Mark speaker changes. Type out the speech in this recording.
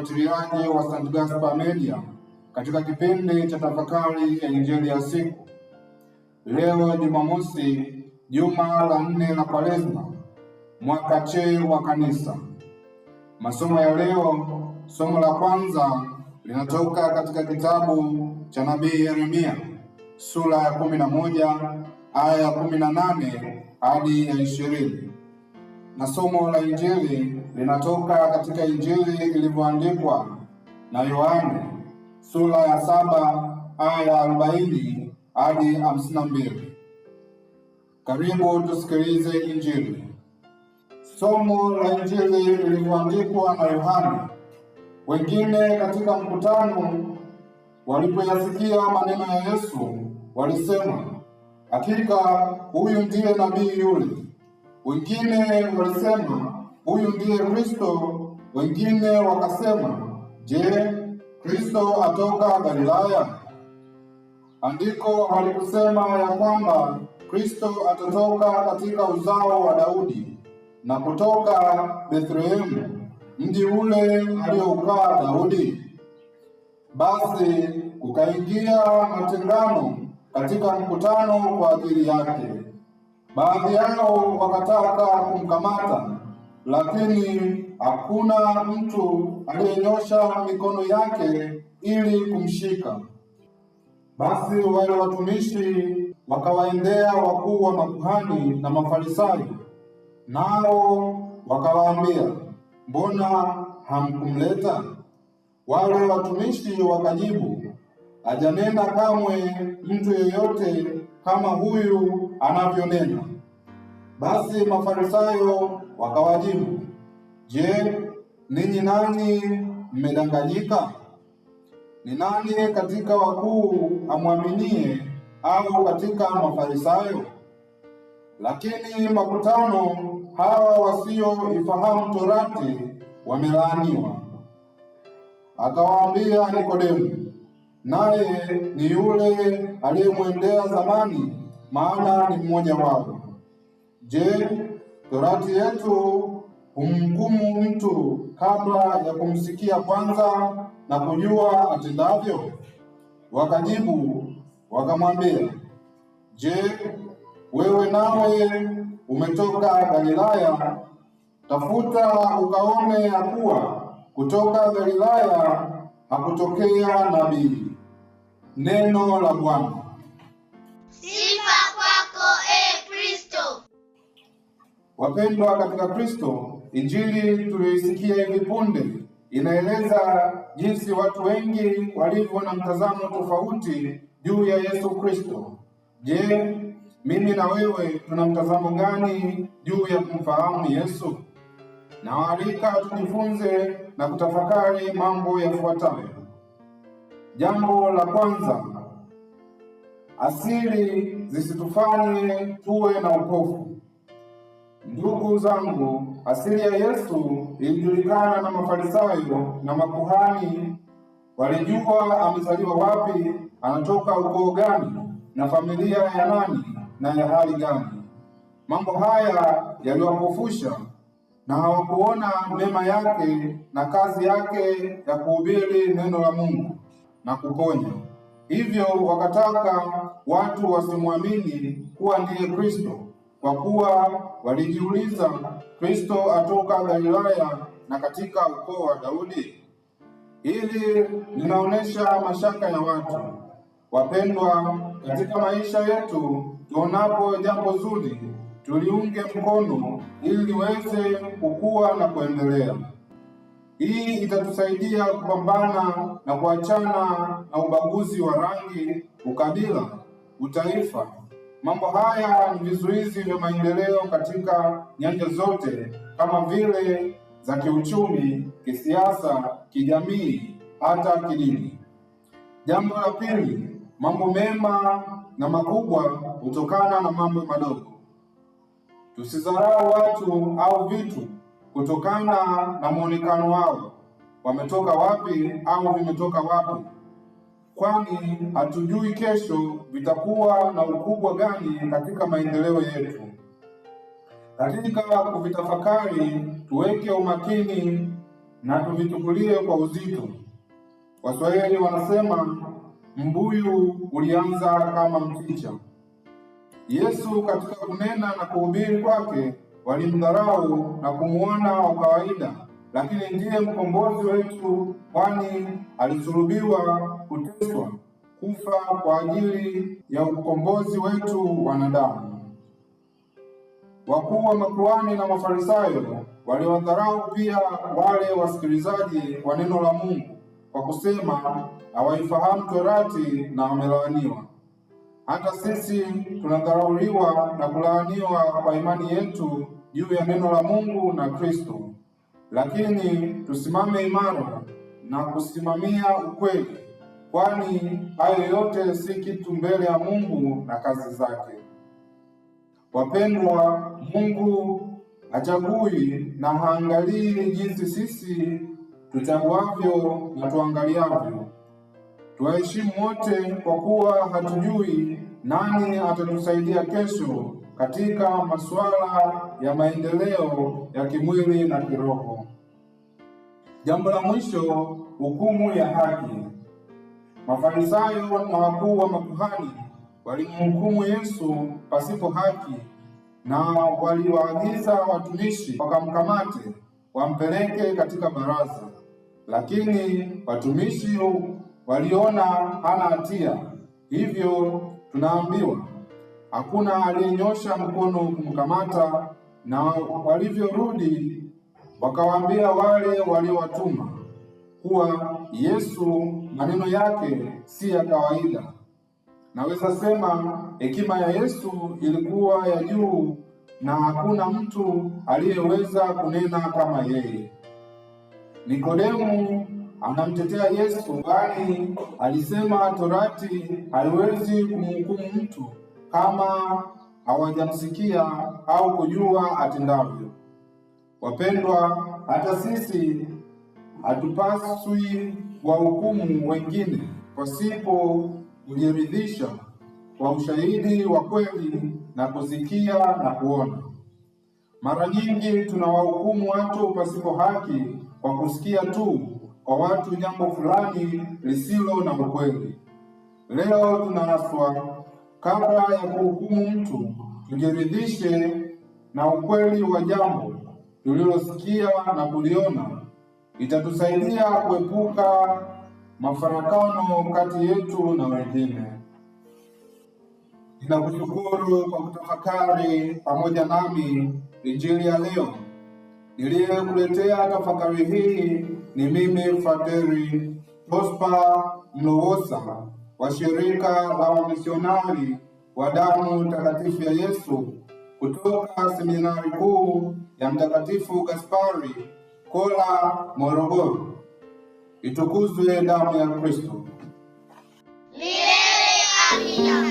Speaker 1: mfuatiliaji wa St. Gaspar Media katika kipindi cha tafakari ya injili ya siku leo Jumamosi, juma la nne la Kwaresma mwaka C wa Kanisa. Masomo ya leo, somo la kwanza linatoka katika kitabu cha nabii Yeremia sura ya kumi na moja aya ya kumi na nane hadi ya ishirini na somo la injili linatoka katika Injili ilivyoandikwa na Yohane sura ya saba aya arobaini hadi hamsini na mbili. Karibu tusikilize Injili. Somo la Injili lilivyoandikwa na Yohane. Wengine katika mkutano walipoyasikia maneno ya Yesu walisema, hakika huyu ndiye nabii yule. Wengine walisema huyu ndiye Kristo. Wengine wakasema, je, Kristo atoka Galilaya? Andiko halikusema ya kwamba Kristo atatoka katika uzao wa Daudi na kutoka Bethlehemu, mji ule aliyoukaa Daudi? Basi kukaingia matengano katika mkutano kwa ajili yake. Baadhi yao wakataka kumkamata lakini hakuna mtu aliyenyosha mikono yake ili kumshika. Basi wale watumishi wakawaendea wakuu wa makuhani na Mafarisayo, nao wakawaambia, mbona hamkumleta? Wale watumishi wakajibu, hajanena kamwe mtu yeyote kama huyu anavyonena. Basi Mafarisayo Wakawajibu, Je, ninyi nani mmedanganyika? Ni nani katika wakuu amwaminie au katika Mafarisayo? Lakini makutano hawa wasioifahamu torati wamelaaniwa. Akawaambia Nikodemu, naye ni yule aliyemwendea zamani, maana ni mmoja wao. Je, Torati yetu humhukumu mtu kabla ya kumsikia kwanza na kujua atendavyo? Wakajibu wakamwambia, Je, wewe nawe umetoka Galilaya? Tafuta ukaone ya kuwa kutoka Galilaya hakutokea nabii. Neno la Bwana. Wapendwa katika Kristo, Injili tuliyoisikia hivi punde inaeleza jinsi watu wengi walivyo na mtazamo tofauti juu ya Yesu Kristo. Je, mimi na wewe tuna mtazamo gani juu ya kumfahamu Yesu? Nawaalika tujifunze na kutafakari mambo yafuatayo. Jambo la kwanza, asili zisitufanye tuwe na upofu. Ndugu zangu, asili ya Yesu ilijulikana na Mafarisayo na makuhani. Walijua amezaliwa wapi, anatoka ukoo gani, na familia ya nani na ya hali gani. Mambo haya yaliwakufusha na hawakuona mema yake na kazi yake ya kuhubiri neno la Mungu na kuponya. Hivyo wakataka watu wasimwamini kuwa ndiye Kristo kwa kuwa walijiuliza, Kristo atoka Galilaya na katika ukoo wa Daudi? Hili linaonyesha mashaka ya watu. Wapendwa, katika maisha yetu tuonapo jambo zuri tuliunge mkono ili liweze kukua na kuendelea. Hii itatusaidia kupambana na kuachana na ubaguzi wa rangi, ukabila, utaifa Mambo haya ni vizuizi vya maendeleo katika nyanja zote kama vile za kiuchumi, kisiasa, kijamii, hata kidini. Jambo la pili, mambo mema na makubwa hutokana na mambo madogo. Tusidharau watu au vitu kutokana na muonekano wao, wametoka wapi au vimetoka wapi kwani hatujui kesho vitakuwa na ukubwa gani katika maendeleo yetu. Katika kuvitafakari, tuweke umakini na tuvichukulie kwa uzito. Waswahili wanasema mbuyu ulianza kama mchicha. Yesu katika kunena na kuhubiri kwake walimdharau na kumuona wa kawaida, lakini ndiye mkombozi wetu, kwani alisulubiwa kuteswa, kufa kwa ajili ya ukombozi wetu wanadamu. Wakuu wa makuhani na Mafarisayo waliwadharau pia wale wasikilizaji wa neno la Mungu kwa kusema hawaifahamu Torati na wamelaaniwa. Hata sisi tunadharauliwa na kulaaniwa kwa imani yetu juu ya neno la Mungu na Kristo, lakini tusimame imara na kusimamia ukweli kwani hayo yote si kitu mbele ya Mungu na kazi zake. Wapendwa, Mungu hachagui na haangalii jinsi sisi tuchaguavyo na tuangaliavyo. Tuwaheshimu wote, kwa kuwa hatujui nani atatusaidia kesho katika masuala ya maendeleo ya kimwili na kiroho. Jambo la mwisho, hukumu ya haki. Mafarisayo na wakuu wa makuhani walimhukumu Yesu pasipo haki, na waliwaagiza watumishi wakamkamate wampeleke katika baraza. Lakini watumishi waliona hana hatia, hivyo tunaambiwa hakuna aliyenyosha mkono kumkamata. Na walivyorudi wakawaambia wale waliowatuma kuwa Yesu maneno yake si ya kawaida. Naweza sema hekima ya Yesu ilikuwa ya juu na hakuna mtu aliyeweza kunena kama yeye. Nikodemu anamtetea Yesu, bali alisema torati haiwezi kumhukumu mtu kama hawajamsikia au kujua atendavyo. Wapendwa, hata sisi hatupaswi wahukumu wengine pasipo kujiridhisha kwa ushahidi wa kweli na kusikia na kuona. Mara nyingi tunawahukumu watu pasipo haki kwa kusikia tu kwa watu jambo fulani lisilo na ukweli. Leo tunaswa kabla ya kuhukumu mtu tujiridhishe na ukweli wa jambo tulilosikia na kuliona itatusaidia kuepuka mafarakano kati yetu na wengine. Ninakushukuru kwa kutafakari pamoja nami injili ya leo. Niliyekuletea tafakari hii ni mimi Frateri Prosper Mlowosa wa shirika la wamisionari wa damu takatifu ya Yesu kutoka seminari kuu ya Mtakatifu Gaspari Kola, Morogoro. Itukuzwe damu ya Kristo!
Speaker 2: Milele amina!